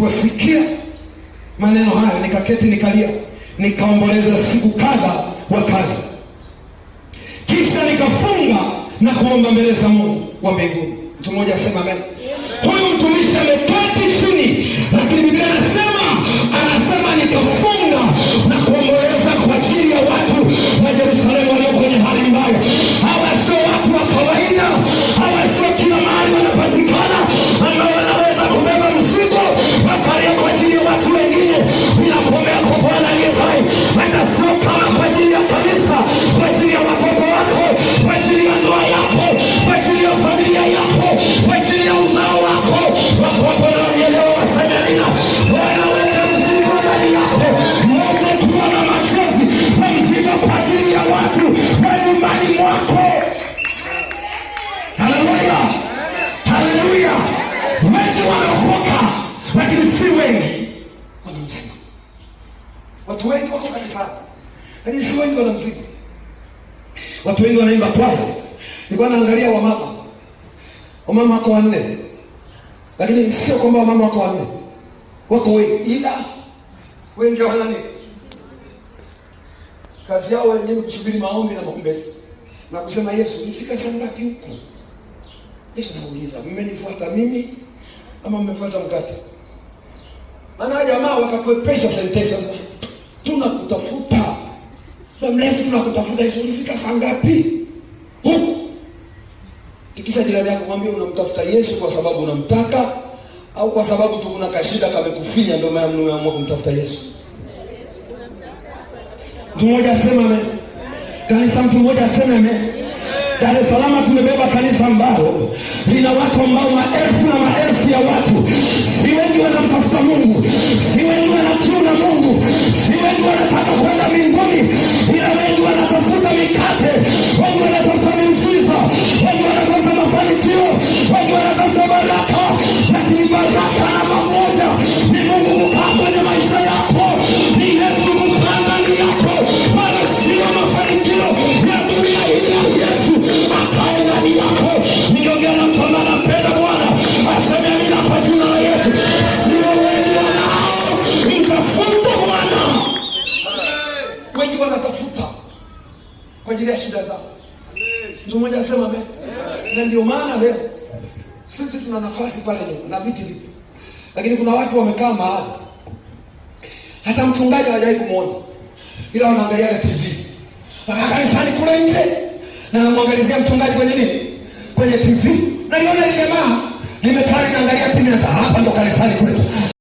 Niliposikia maneno hayo, nikaketi nikalia, nikaomboleza siku kadha wa kazi, kisha nikafunga na kuomba mbele za Mungu wa mbinguni. Mtu mmoja asema amen. Huyu mtumishi Watu wengi wako kanisani, lakini si wengi wana mziki. Watu wengi wanaimba kwaya. Nilikuwa naangalia wamama, wamama wako wanne, lakini sio kwamba wamama wako wanne, wako wengi, ila wengi hawana nini? Kazi yao wenyewe kusubiri maombi na maombezi na kusema Yesu, nifika saa ngapi huko? Yesu anauliza, mmenifuata mimi ama mmefuata mkate? Maana jamaa wakakuepesha sentensi tunakutafuta muda mrefu, tunakutafuta hizo, ulifika saa ngapi huku? Tikisa jirani yako, mwambie unamtafuta Yesu kwa sababu unamtaka au kwa sababu tu kuna kashida kamekufinya, ndio maana mmeamua kumtafuta Yesu. Mtu mmoja aseme amen. Kanisa, mtu mmoja aseme amen. Dar es Salaam tumebeba kanisa ambalo lina watu ambao maelfu na maelfu ya kuachilia shida zao. Mtu mmoja asema amen. Na ndio maana leo sisi tuna nafasi pale nyuma na viti vipi. lakini kuna watu wamekaa mahali hata mchungaji hajawahi kumwona, ila wanaangaliaga TV kanisani kule nje, na anamwangalizia mchungaji kwenye nini, kwenye TV. Naliona ile jamaa limetari naangalia TV na sasa, hapa ndo kanisani kwetu.